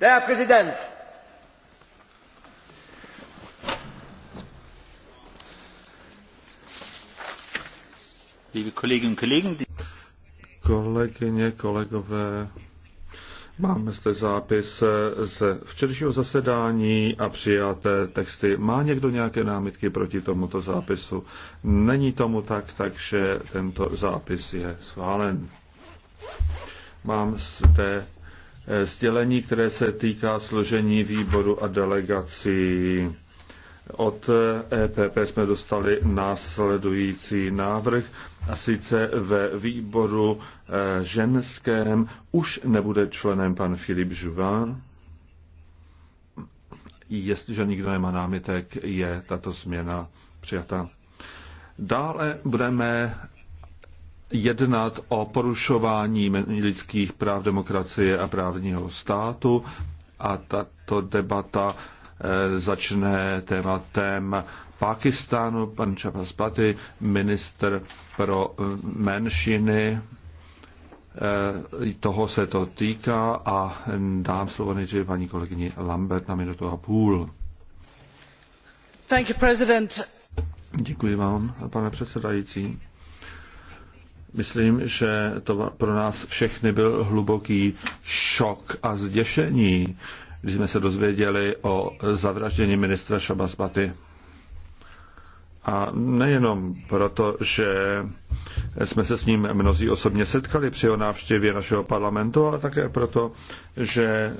Der Präsident! Liebe Kolleginnen und Kollegen, Kolegyně, kolegové, máme zde zápis ze včerejšího zasedání a přijaté texty. Má někdo nějaké námitky proti tomuto zápisu? Není tomu tak, takže tento zápis je schválen. Mám zde Eh, sdělení, které se týká složení výboru a delegací. Od EPP eh, e jsme dostali následující návrh a sice ve výboru eh, ženském už nebude členem pan Filip Žuvan. Jestliže nikdo nemá námitek, je tato změna přijata. Dále budeme jednat o porušování lidských práv demokracie a právního státu a tato debata eh, začne tématem Pakistánu, pan Čapaspaty, minister pro eh, menšiny, eh, toho se to týká a dám slovo nejdříve paní kolegyni Lambert na minutu a půl. Thank you, president. Děkuji vám, pane předsedající. Myslím, že to pro nás všechny byl hluboký šok a zděšení, když jsme se dozvěděli o zavraždění ministra Šabasbaty. A nejenom proto, že jsme se s ním mnozí osobně setkali při jeho návštěvě našeho parlamentu, ale také proto, že eh,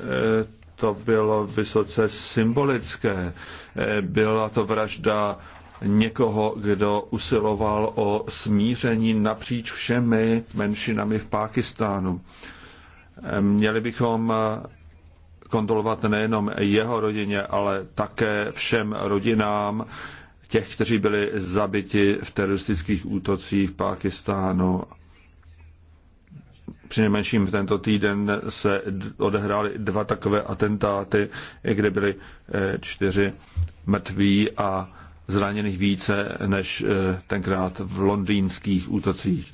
to bylo vysoce symbolické. Eh, byla to vražda někoho, kdo usiloval o smíření napříč všemi menšinami v Pákistánu. Měli bychom kondolovat nejenom jeho rodině, ale také všem rodinám těch, kteří byli zabiti v teroristických útocích v Pákistánu. Přinejmenším v tento týden se odehrály dva takové atentáty, kde byly eh, čtyři mrtví a zraněných více než eh, tenkrát v londýnských útocích.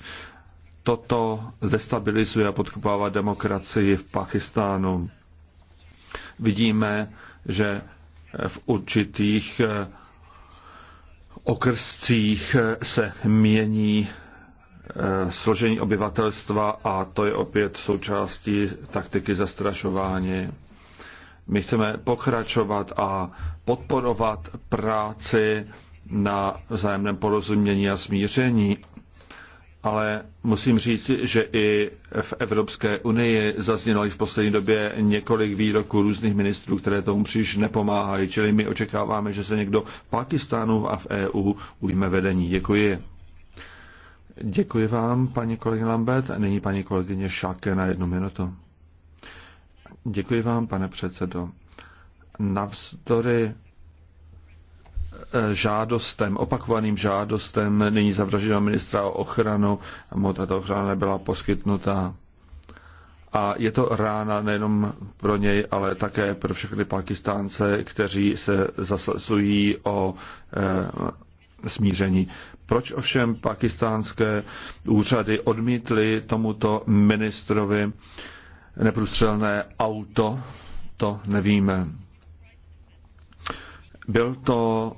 Toto destabilizuje a podkopává demokracii v Pakistánu. Vidíme, že v určitých eh, okrscích eh, se mění složení obyvatelstva a to je opět součástí taktiky zastrašování. My chceme pokračovat a podporovat práci na vzájemném porozumění a smíření, ale musím říct, že i v Evropské unii zaznělo v poslední době několik výroků různých ministrů, které tomu příliš nepomáhají. Čili my očekáváme, že se někdo v Pakistánu a v EU ujme vedení. Děkuji. Děkuji vám, paní kolegyně Lambert. A nyní paní kolegyně Šáke na jednu minutu. Děkuji vám, pane předsedo. Navzdory eh, žádostem, opakovaným žádostem nyní zavražděného ministra o ochranu, mu tato ochrana nebyla poskytnuta. A je to rána nejenom pro něj, ale také pro všechny Pakistánce, kteří se zasazují o e, smíření. Proč ovšem pakistánské úřady odmítly tomuto ministrovi e, neprůstřelné auto, to nevíme. Byl to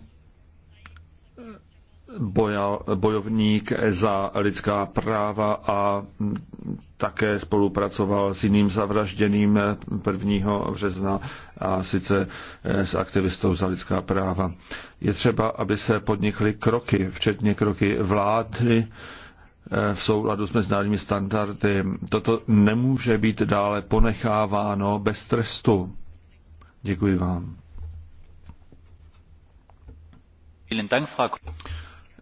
boja, bojovník za lidská práva a také spolupracoval s jiným zavražděným 1. března a sice s aktivistou za lidská práva. Je třeba, aby se podnikly kroky, včetně kroky vlády, Eh, v souladu s mezinárodními standardy. Toto nemůže být dále ponecháváno bez trestu. Děkuji vám.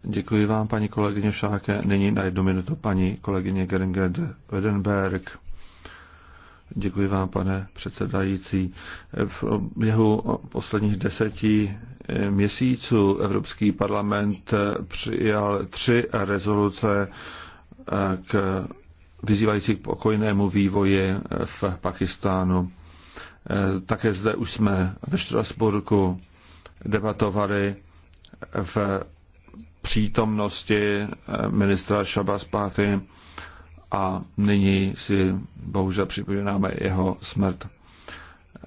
Děkuji vám, paní kolegyně Šáke. Nyní na jednu minutu paní kolegyně Geringer Wedenberg. Děkuji vám, pane předsedající. V běhu posledních deseti eh, měsíců Evropský parlament eh, přijal tři rezoluce eh, k vyzývající k pokojnému vývoji v Pakistánu. Také zde už jsme ve Štrasburku debatovali v přítomnosti ministra Šabaspáty a nyní si bohužel připomínáme jeho smrt.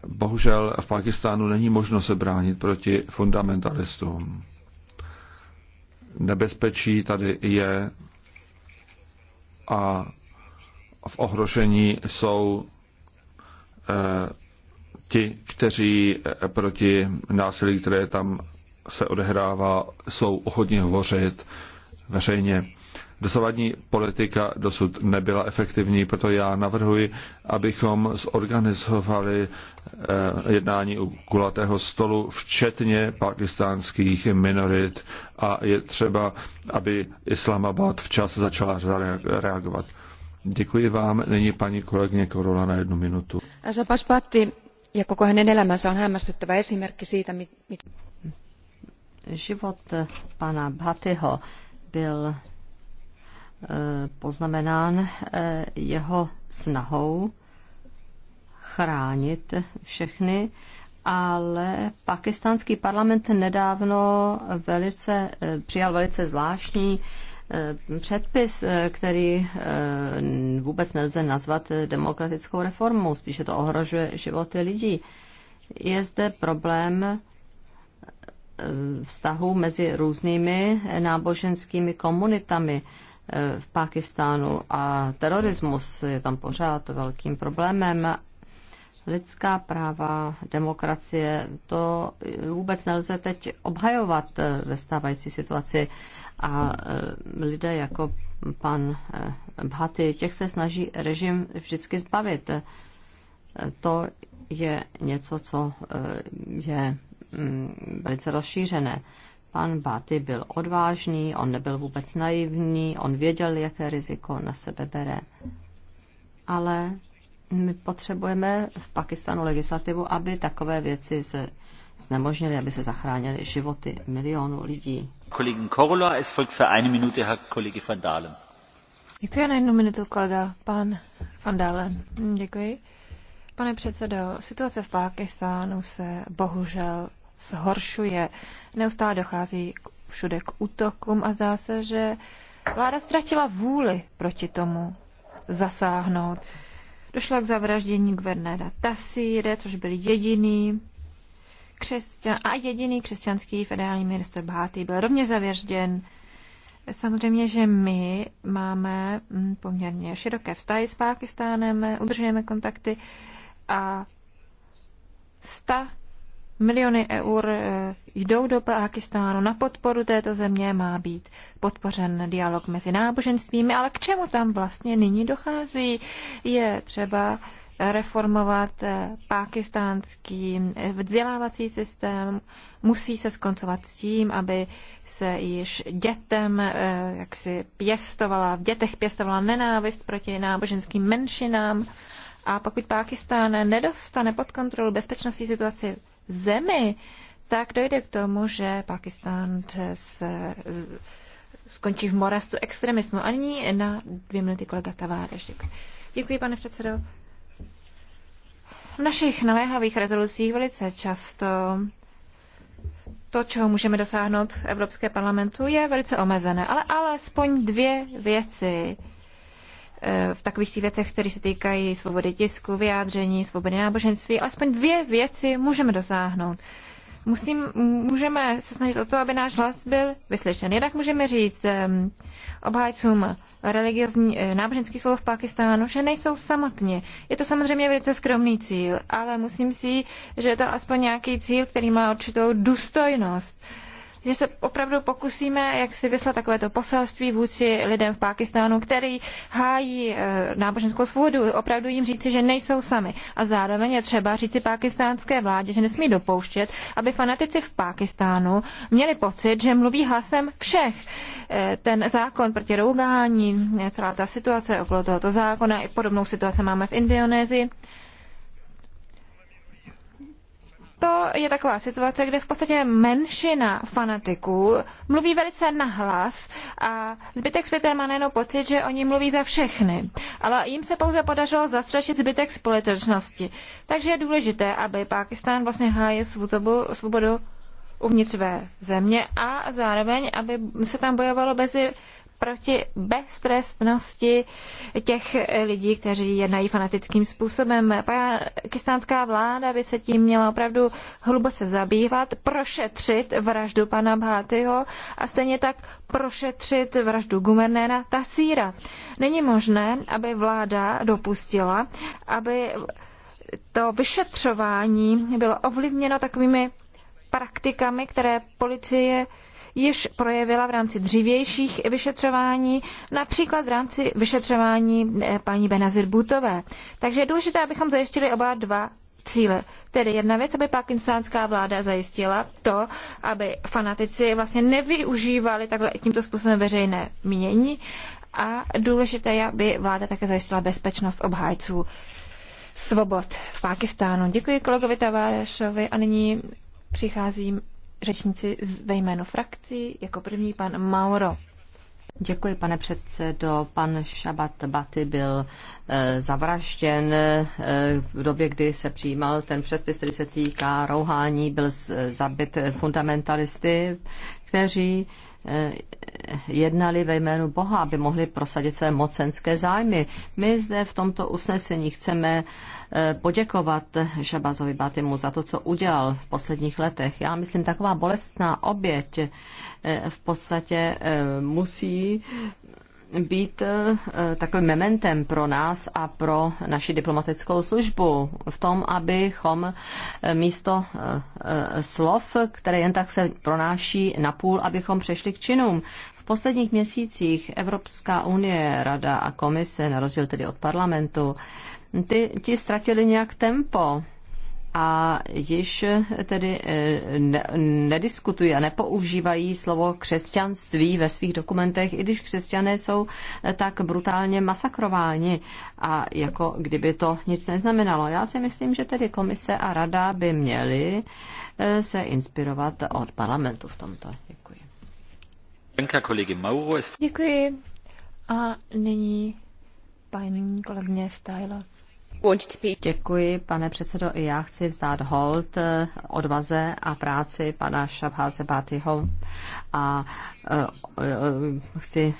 Bohužel v Pakistánu není možno se bránit proti fundamentalistům. Nebezpečí tady je a v ohrožení jsou eh, ti, kteří eh, proti násilí, které tam se odehrává, jsou hodně hovořit veřejně. Dosavadní politika dosud nebyla efektivní, proto já navrhuji, abychom zorganizovali eh, jednání u kulatého stolu, včetně pakistánských minorit a je třeba, aby Islamabad včas začala reagovat. Děkuji vám. Nyní paní kolegyně Korola na jednu minutu. Zapashpatti ja jako koko hänen elämänsä on hämmästyttävä esimerkki siitä, mit... Život pana Bhatiho byl poznamenán eh, jeho snahou chránit všechny, ale pakistánský parlament nedávno velice, eh, přijal velice zvláštní eh, předpis, který vůbec nelze nazvat demokratickou reformou, spíše to ohrožuje životy lidí. Je zde problém vztahu mezi různými náboženskými komunitami v Pákistánu a terorismus je tam pořád velkým problémem. Lidská práva, demokracie, to vůbec nelze teď obhajovat ve stávající situaci. A e, lidé jako pan e, Bhaty, těch se snaží režim vždycky zbavit. E, to je něco, co je mm, velice rozšířené. Pan Báty byl odvážný, on nebyl vůbec naivní, on věděl, jaké riziko na sebe bere. Ale my potřebujeme v Pakistanu legislativu, aby takové věci se znemožnily, aby se zachránily životy milionů lidí. Kolegin Korola, es folgt für eine Minute Herr Kollege van Dalen. Děkuji na jednu minutu, kolega, pan van Dalen. Děkuji. Pane předsedo, situace v Pákistánu se bohužel zhoršuje. Neustále dochází všude k útokům a zdá se, že vláda ztratila vůli proti tomu zasáhnout. Došlo k zavraždění guvernéra Tasíre, což byl jediný křesťan, a jediný křesťanský federální minister Bháty byl rovněž zavražděn. Samozřejmě, že my máme mm, poměrně široké vztahy s Pákistánem, udržujeme kontakty a sta Miliony eur eh, jdou do Pákistánu na podporu této země, má být podpořen dialog mezi náboženstvími, ale k čemu tam vlastně nyní dochází? Je třeba reformovat eh, pákistánský vzdělávací systém, musí se skoncovat s tím, aby se již dětem, eh, jak si pěstovala, v dětech pěstovala nenávist proti náboženským menšinám. A pokud Pákistán nedostane pod kontrolu bezpečnostní situaci zemi, tak dojde k tomu, že Pakistan se skončí v morastu extremismu. A nyní na dvě minuty kolega Taváreš. Děkuji, pane předsedo. V našich naléhavých rezolucích velice často to, čeho můžeme dosáhnout v Evropské parlamentu, je velice omezené. Ale alespoň dvě věci Eh, v takových těch věcech, které se týkají svobody tisku, vyjádření, svobody náboženství, alespoň dvě věci můžeme dosáhnout. Musím, můžeme se snažit o to, aby náš hlas byl vyslyšen. Jednak můžeme říct um, obhájcům religiozní eh, náboženských svobod v Pakistánu, že nejsou samotně. Je to samozřejmě velice skromný cíl, ale musím si, že je to aspoň nějaký cíl, který má určitou důstojnost. Uh, že se opravdu pokusíme, jak si vyslat takovéto poselství vůči lidem v Pákistánu, který hájí eh, náboženskou svobodu, opravdu jim říci, že nejsou sami. A zároveň je třeba říci pákistánské vládě, že nesmí dopouštět, aby fanatici v Pákistánu měli pocit, že mluví hlasem všech. Eh, ten zákon proti rougání, eh, celá ta situace okolo tohoto zákona, i podobnou situaci máme v Indonésii to je taková situace, kde v podstatě menšina fanatiků mluví velice nahlas a zbytek světa má nejenom pocit, že oni mluví za všechny. Ale jim se pouze podařilo zastřešit zbytek společnosti. Takže je důležité, aby Pákistán vlastně hájil svobodu, svobodu uvnitř své země a zároveň, aby se tam bojovalo bez proti beztrestnosti těch lidí, kteří jednají fanatickým způsobem. Pakistánská vláda by se tím měla opravdu hluboce zabývat, prošetřit vraždu pana Bhátyho a stejně tak prošetřit vraždu guvernéra Tasíra. Není možné, aby vláda dopustila, aby to vyšetřování bylo ovlivněno takovými praktikami, které policie již projevila v rámci dřívějších vyšetřování, například v rámci vyšetřování eh, paní Benazir Butové. Takže je důležité, abychom zajistili oba dva cíle. Tedy jedna věc, aby pakistánská vláda zajistila to, aby fanatici vlastně nevyužívali takhle tímto způsobem veřejné mínění a důležité je, aby vláda také zajistila bezpečnost obhájců svobod v Pakistánu. Děkuji kolegovi Tavárešovi a nyní přicházím řečníci ve jménu frakcí. Jako první pan Mauro. Děkuji, pane předsedo. Pan Šabat Baty byl e, zavražděn e, v době, kdy se přijímal ten předpis, který se týká rouhání, byl z, zabit fundamentalisty, kteří e, Eh, jednali ve jménu Boha, aby mohli prosadit své mocenské zájmy. My zde v tomto usnesení chceme eh, poděkovat Šabazovi Batimu za to, co udělal v posledních letech. Já myslím, taková bolestná oběť eh, v podstatě musí být eh, takovým mementem pro nás a pro naši diplomatickou službu v tom, abychom eh, místo eh, slov, které jen tak se pronáší na půl, abychom přešli k činům. V posledních měsících Evropská unie, Rada a Komise, na rozdíl tedy od parlamentu, ty, ti ztratili nějak tempo a již tedy eh, ne, nediskutují a nepoužívají slovo křesťanství ve svých dokumentech, i když křesťané jsou eh, tak brutálně masakrováni a jako kdyby to nic neznamenalo. Já si myslím, že tedy komise a rada by měly eh, se inspirovat od parlamentu v tomto. Děkuji. Děkuji. A nyní paní kolegyně Stajla. Děkuji, pane předsedo. I já chci vzdát hold eh, odvaze a práci pana Šabháze Bátyho a eh, eh, chci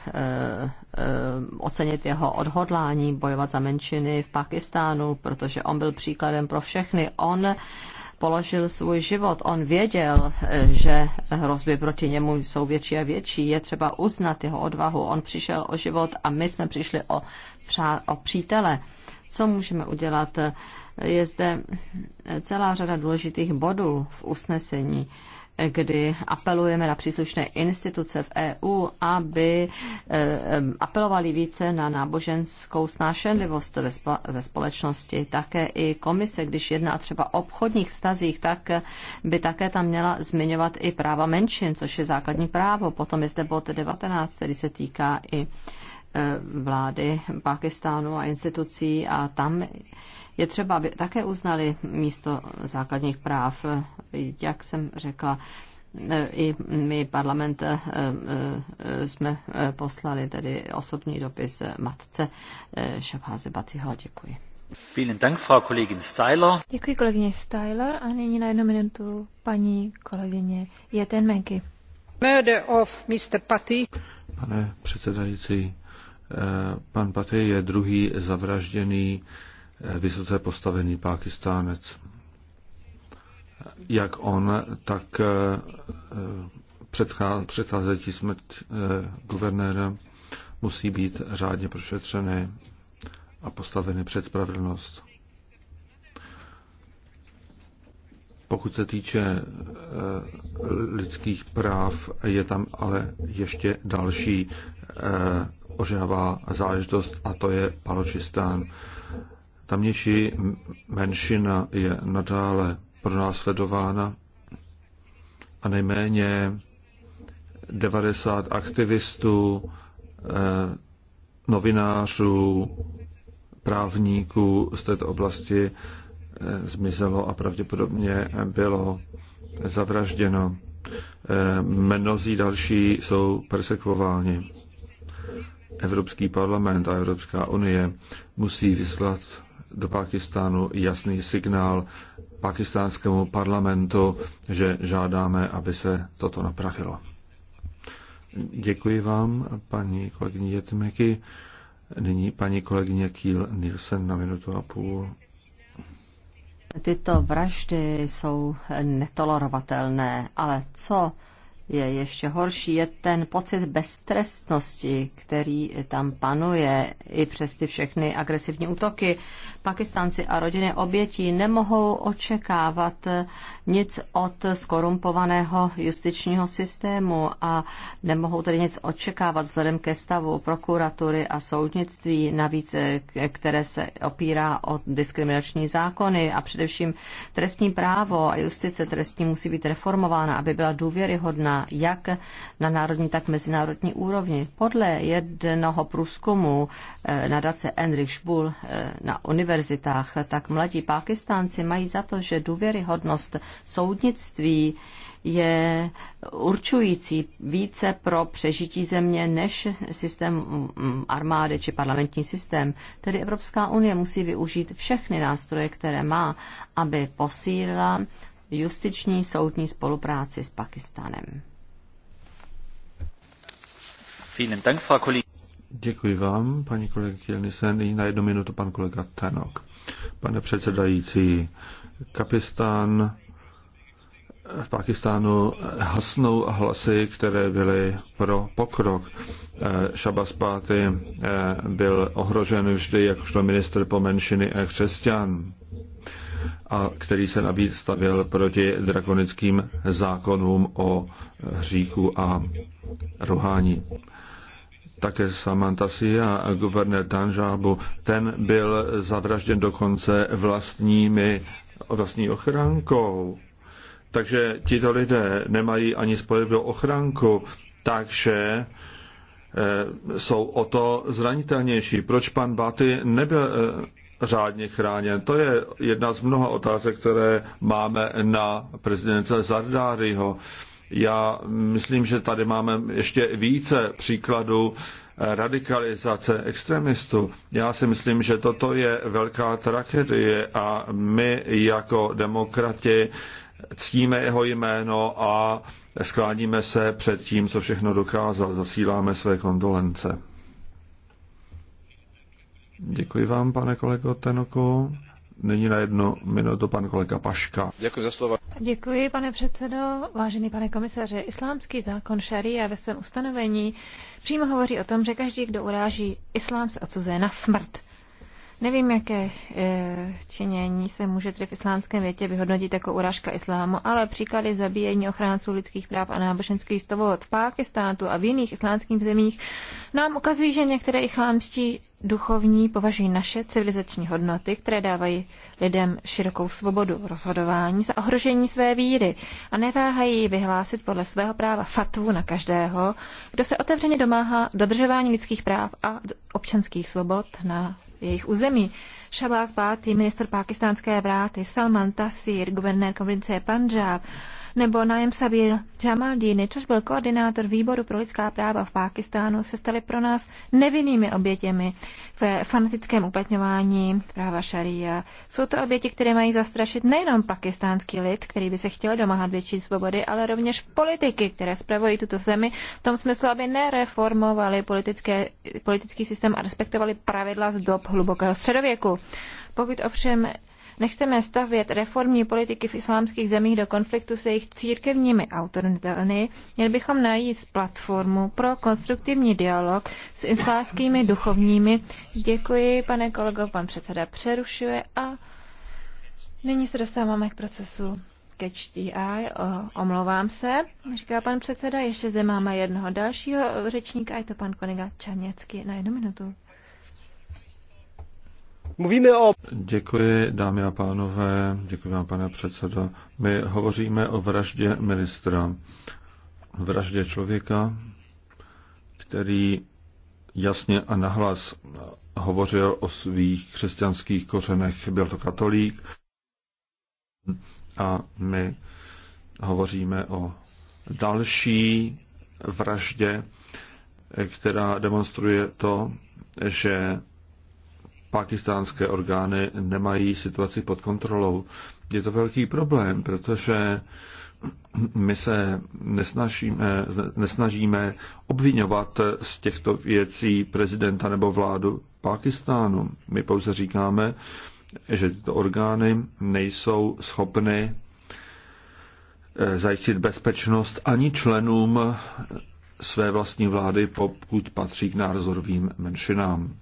ocenit jeho odhodlání bojovat za menšiny v Pakistánu, protože on byl příkladem pro všechny. On položil svůj život. On věděl, že hrozby proti němu jsou větší a větší. Je třeba uznat jeho odvahu. On přišel o život a my jsme přišli o, přá- o přítele co můžeme udělat? Je zde celá řada důležitých bodů v usnesení kdy apelujeme na příslušné instituce v EU, aby eh, apelovali více na náboženskou snášenlivost ve společnosti. Také i komise, když jedná třeba o obchodních vztazích, tak by také tam měla zmiňovat i práva menšin, což je základní právo. Potom je zde bod 19, který se týká i Eh, vlády Pakistánu a institucí a tam je třeba, aby také uznali místo základních práv. Jak jsem řekla, eh, i my parlament eh, jsme poslali tedy osobní dopis matce Šabháze Batyho. Děkuji. Děkuji kolegyně Styler a nyní na jednu minutu paní kolegyně Jeten Menky. Pane předsedající, Eh, pan Paty je druhý zavražděný eh, vysoce postavený pákistánec. Eh, jak on, tak předcházející smrt guvernéra musí být řádně prošetřeny a postaveny před spravedlnost. Pokud se týče lidských práv, je tam ale ještě další ožehavá záležitost a to je Paločistán. Tamnější menšina je nadále pronásledována a nejméně 90 aktivistů, eh, novinářů, právníků z této oblasti eh, zmizelo a pravděpodobně bylo zavražděno. Eh, mnozí další jsou persekvováni. Evropský parlament a Evropská unie musí vyslat do Pakistánu jasný signál pakistánskému parlamentu, že žádáme, aby se toto napravilo. Děkuji vám, paní kolegyně Jetmeky. Nyní paní kolegyně Kiel Nielsen na minutu a půl. Tyto vraždy jsou netolerovatelné, ale co je ještě horší, je ten pocit beztrestnosti, který tam panuje i přes ty všechny agresivní útoky. Pakistánci a rodiny obětí nemohou očekávat nic od skorumpovaného justičního systému a nemohou tedy nic očekávat vzhledem ke stavu prokuratury a soudnictví, navíc které se opírá o diskriminační zákony a především trestní právo a justice trestní musí být reformována, aby byla důvěryhodná jak na národní, tak mezinárodní úrovni. Podle jednoho průzkumu eh, nadace Enrich Schbull eh, na univerzitách, tak mladí Pákistánci mají za to, že důvěryhodnost soudnictví je určující více pro přežití země než systém mm, armády či parlamentní systém. Tedy Evropská unie musí využít všechny nástroje, které má, aby posílila justiční soudní spolupráci s Pakistanem. Děkuji vám, paní kolegyně Nissen. Nyní na jednu minutu pan kolega Tenok. Pane předsedající, Kapistán v Pakistánu hasnou hlasy, které byly pro pokrok. Eh, Šabaspáty eh, byl ohrožen vždy jakožto minister po menšiny a křesťan, a který se navíc stavěl proti drakonickým zákonům o hříchu a ruhání také Samantha Sia, guvernér Danžábu, ten byl zavražděn dokonce vlastními, vlastní ochránkou. Takže tito lidé nemají ani spolehlivou ochránku, takže eh, jsou o to zranitelnější. Proč pan Baty nebyl eh, řádně chráněn? To je jedna z mnoha otázek, které máme na prezidence Zardáryho. Já myslím, že tady máme ještě více příkladů eh, radikalizace extremistů. Já si myslím, že toto je velká tragédie a my jako demokrati ctíme jeho jméno a skláníme se před tím, co všechno dokázal. Zasíláme své kondolence. Děkuji vám, pane kolego Tenoko. Nyní na jednu minutu pan kolega Paška. Děkuji za slovo. Děkuji, pane předsedo. Vážený pane komisaře, islámský zákon šaria ve svém ustanovení přímo hovoří o tom, že každý, kdo uráží islám, se odsuzuje na smrt. Nevím, jaké e, činění se může tedy v islámském větě vyhodnotit jako urážka islámu, ale příklady zabíjení ochránců lidských práv a náboženských stovod v Pákistánu a v jiných islámských zemích nám ukazují, že některé islámští duchovní považují naše civilizační hodnoty, které dávají lidem širokou svobodu rozhodování za ohrožení své víry a neváhají vyhlásit podle svého práva fatvu na každého, kdo se otevřeně domáhá dodržování lidských práv a občanských svobod na jejich území. Shabazz Bhatti, minister pakistánské vráty, Salman Tasir, guvernér provincie Punjab, nebo nájem Sabir Jamaldini, což byl koordinátor výboru pro lidská práva v Pákistánu, se staly pro nás nevinnými obětěmi ve fanatickém uplatňování práva šaria. Jsou to oběti, které mají zastrašit nejenom pakistánský lid, který by se chtěl domáhat větší svobody, ale rovněž politiky, které spravují tuto zemi, v tom smyslu, aby nereformovali politické, politický systém a respektovali pravidla z dob hlubokého středověku. Pokud ovšem Nechceme stavět reformní politiky v islámských zemích do konfliktu se jejich církevními autoritami. Měli bychom najít platformu pro konstruktivní dialog s islámskými duchovními. Děkuji, pane kolego, pan předseda přerušuje a nyní se dostáváme k procesu ke čtí. omlouvám se, říká pan předseda. Ještě zde máme jednoho dalšího řečníka, je to pan kolega Čaměcky na jednu minutu. Mluvíme o... Děkuji, dámy a pánové, děkuji vám, pane předsedo. My hovoříme o vraždě ministra, vraždě člověka, který jasně a nahlas hovořil o svých křesťanských kořenech. Byl to katolík a my hovoříme o další vraždě, která demonstruje to, že pakistánské orgány nemají situaci pod kontrolou. Je to velký problém, protože my se nesnažíme, nesnažíme obvinovat z těchto věcí prezidenta nebo vládu Pakistánu. My pouze říkáme, že tyto orgány nejsou schopny eh, zajistit bezpečnost ani členům své vlastní vlády, pokud patří k názorovým menšinám.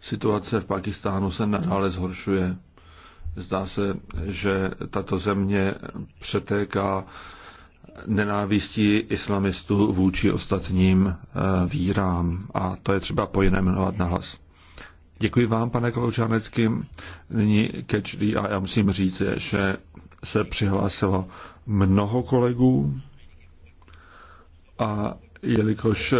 Situace v Pakistánu se nadále zhoršuje. Zdá se, že tato země přetéká nenávistí islamistů vůči ostatním eh, vírám. A to je třeba pojmenovat na hlas. Děkuji vám, pane Kloučánecký. Nyní kečlí a já musím říct, že se přihlásilo mnoho kolegů a jelikož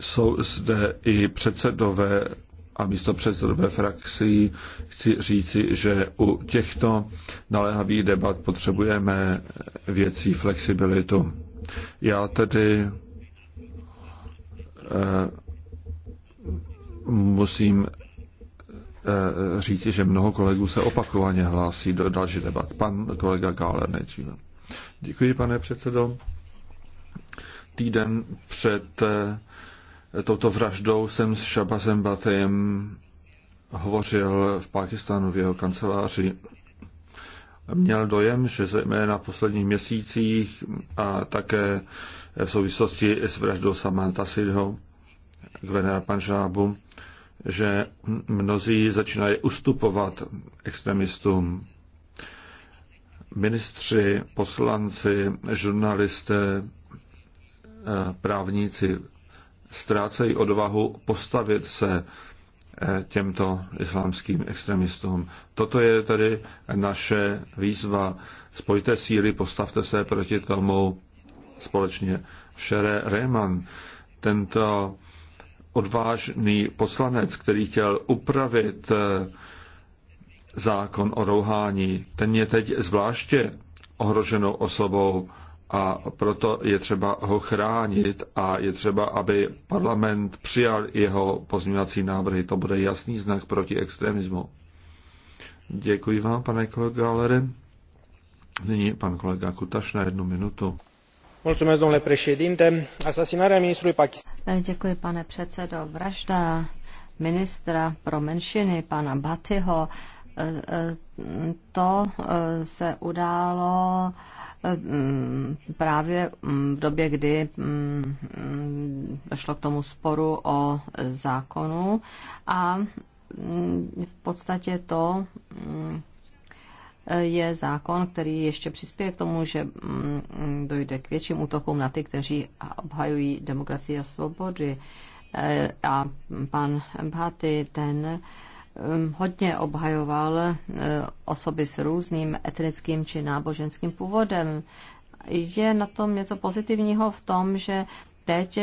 jsou zde i předsedové a místo předsedové frakcí chci říci, že u těchto naléhavých debat potřebujeme věcí flexibilitu. Já tedy eh, musím eh, říci, že mnoho kolegů se opakovaně hlásí do další debat. Pan kolega Gáler nejdříve. Děkuji, pane předsedo. Týden před eh, touto vraždou jsem s Šabazem Batem hovořil v Pákistánu v jeho kanceláři. Měl dojem, že zejména v posledních měsících a také v souvislosti s vraždou Samantha Sidho, guvernéra Panžábu, že mnozí začínají ustupovat extremistům. Ministři, poslanci, žurnalisté, právníci, ztrácejí odvahu postavit se eh, těmto islámským extremistům. Toto je tedy naše výzva. Spojte síly, postavte se proti tomu společně. Šere Rehman, tento odvážný poslanec, který chtěl upravit eh, zákon o rouhání, ten je teď zvláště ohroženou osobou a proto je třeba ho chránit a je třeba, aby parlament přijal jeho pozměňovací návrhy. To bude jasný znak proti extremismu. Děkuji vám, pane kolego Alere. Nyní pan kolega Kutaš na jednu minutu. Děkuji, pane předsedo. Vražda ministra pro menšiny, pana Batyho, eh, eh, to eh, se událo Eh, mm, právě mm, v době, kdy mm, došlo k tomu sporu o zákonu a v podstatě to je zákon, který ještě přispěje k tomu, že dojde k větším útokům na ty, kteří obhajují demokracii a svobody. Eh, a pan Bhaty, ten Um, hodně obhajoval uh, osoby s různým etnickým či náboženským původem. Je na tom něco pozitivního v tom, že teď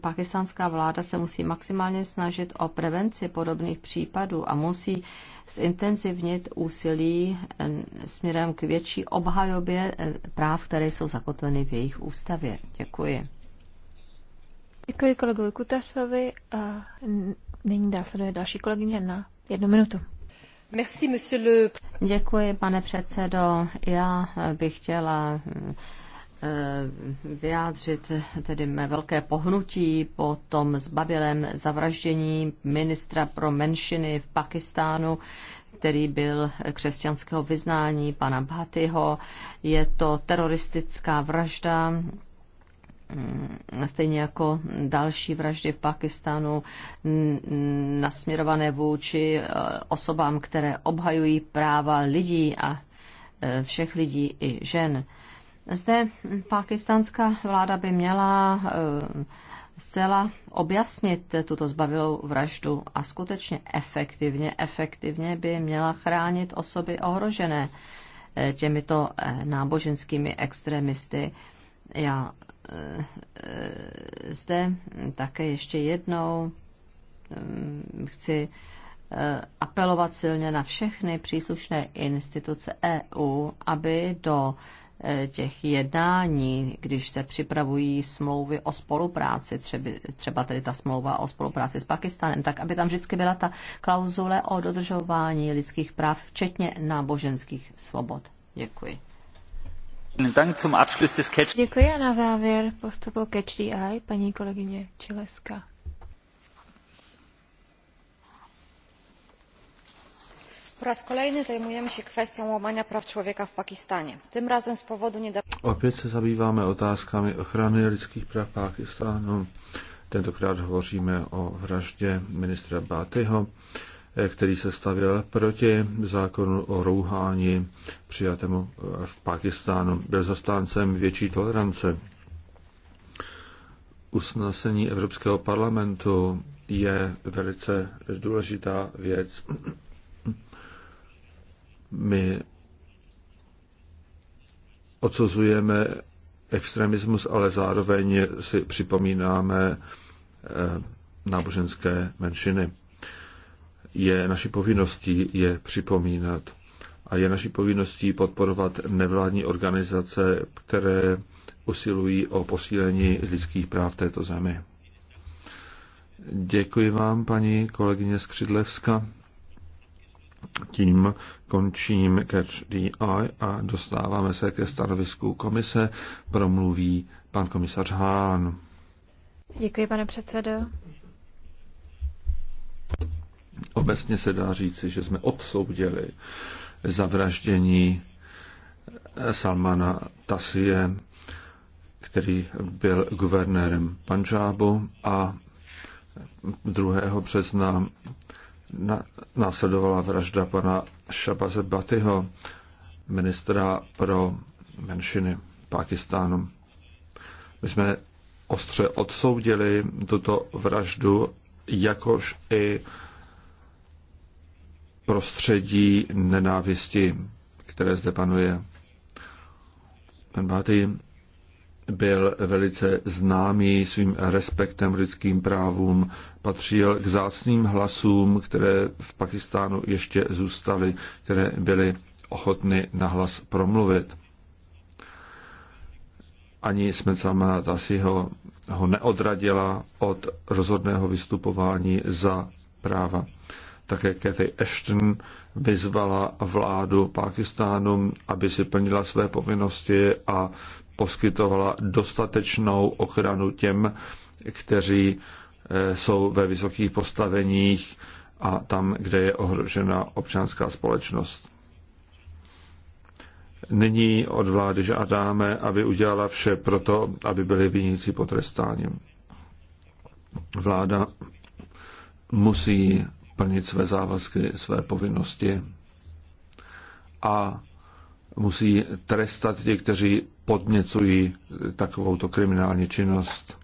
pakistánská vláda se musí maximálně snažit o prevenci podobných případů a musí zintenzivnit úsilí um, směrem k větší obhajobě uh, práv, které jsou zakotveny v jejich ústavě. Děkuji. Děkuji kolegovi Kutasovi a nyní dá se další kolegyně na jednu minutu. Děkuji, pane předsedo. Já bych chtěla eh, vyjádřit tedy mé velké pohnutí po tom zbabilém zavraždění ministra pro menšiny v Pakistánu, který byl křesťanského vyznání pana Bhatyho. Je to teroristická vražda, Mm, stejně jako další vraždy v Pakistanu mm, nasměrované vůči eh, osobám, které obhajují práva lidí a eh, všech lidí i žen. Zde pakistánská vláda by měla eh, zcela objasnit tuto zbavilou vraždu a skutečně efektivně, efektivně by měla chránit osoby ohrožené těmito náboženskými extremisty. Já Eh, eh, zde také ještě jednou mm, chci eh, apelovat silně na všechny příslušné instituce EU, aby do těch jednání, když se připravují smlouvy o spolupráci, třeba, třeba tedy ta smlouva o spolupráci s Pakistanem, tak aby tam vždycky byla ta klauzule o dodržování lidských práv, včetně náboženských svobod. Děkuji. Děkuji a na závěr postupu the Eye, paní kolegyně Čileska. Po raz kolejny zajmujemy się kwestią łamania praw człowieka w Pakistanie. Tym razem z powodu Opět se zabýváme otázkami ochrany lidských práv Pakistánu. Tentokrát hovoříme o vraždě ministra Bátyho který se stavěl proti zákonu o rouhání přijatému v Pakistánu. Byl zastáncem větší tolerance. Usnesení Evropského parlamentu je velice důležitá věc. My odsuzujeme extremismus, ale zároveň si připomínáme eh, náboženské menšiny je naší povinností je připomínat. A je naší povinností podporovat nevládní organizace, které usilují o posílení lidských práv této zemi. Děkuji vám, paní kolegyně Skřidlevska. Tím končím Catch the Eye a dostáváme se ke stanovisku komise. Promluví pan komisař Hán. Děkuji, pane předsedo. Obecně se dá říci, že jsme odsoudili zavraždění eh, Salmana Tasie, který byl guvernérem Panžábu a 2. března následovala vražda pana Šabaze Batyho, ministra pro menšiny Pákistánu. My jsme ostře odsoudili tuto vraždu, jakož i prostředí nenávisti, které zde panuje. Pan Báty byl velice známý svým respektem lidským právům, patřil k zácným hlasům, které v Pakistánu ještě zůstaly, které byly ochotny hlas promluvit. Ani jsme sama asi ho, ho neodradila od rozhodného vystupování za práva. Také Cathy Ashton vyzvala vládu Pákistánu, aby si plnila své povinnosti a poskytovala dostatečnou ochranu těm, kteří eh, jsou ve vysokých postaveních a tam, kde je ohrožena občanská společnost. Nyní od vlády žádáme, aby udělala vše proto, aby byli viníci potrestáni. Vláda musí plnit své závazky, své povinnosti a musí trestat ti, kteří podněcují takovouto kriminální činnost.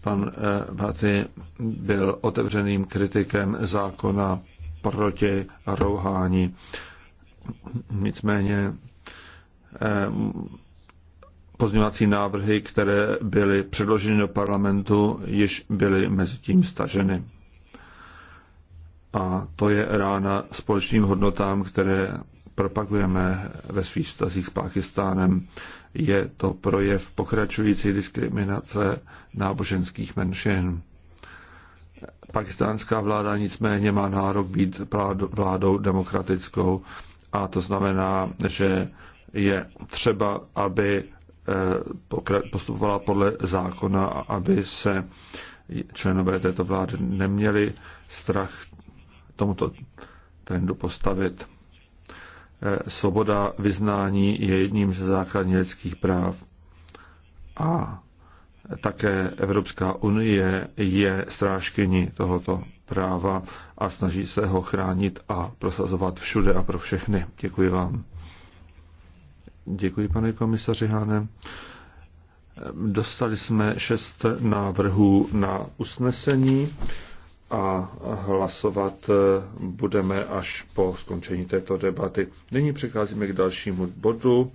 Pan Baty eh, byl otevřeným kritikem zákona proti rouhání. Nicméně eh, pozňovací návrhy, které byly předloženy do parlamentu, již byly mezi tím staženy. A to je rána společným hodnotám, které propagujeme ve svých vztazích s Pákistánem. Je to projev pokračující diskriminace náboženských menšin. Pakistánská vláda nicméně má nárok být vládou demokratickou a to znamená, že je třeba, aby eh, postupovala podle zákona a aby se členové této vlády neměli strach tomuto trendu postavit. Eh, svoboda vyznání je jedním ze základních lidských práv a také Evropská unie je strážkyní tohoto práva a snaží se ho chránit a prosazovat všude a pro všechny. Děkuji vám. Děkuji, pane komisaři Háne. Dostali jsme šest návrhů na usnesení a hlasovat e, budeme až po skončení této debaty. Nyní přecházíme k dalšímu bodu.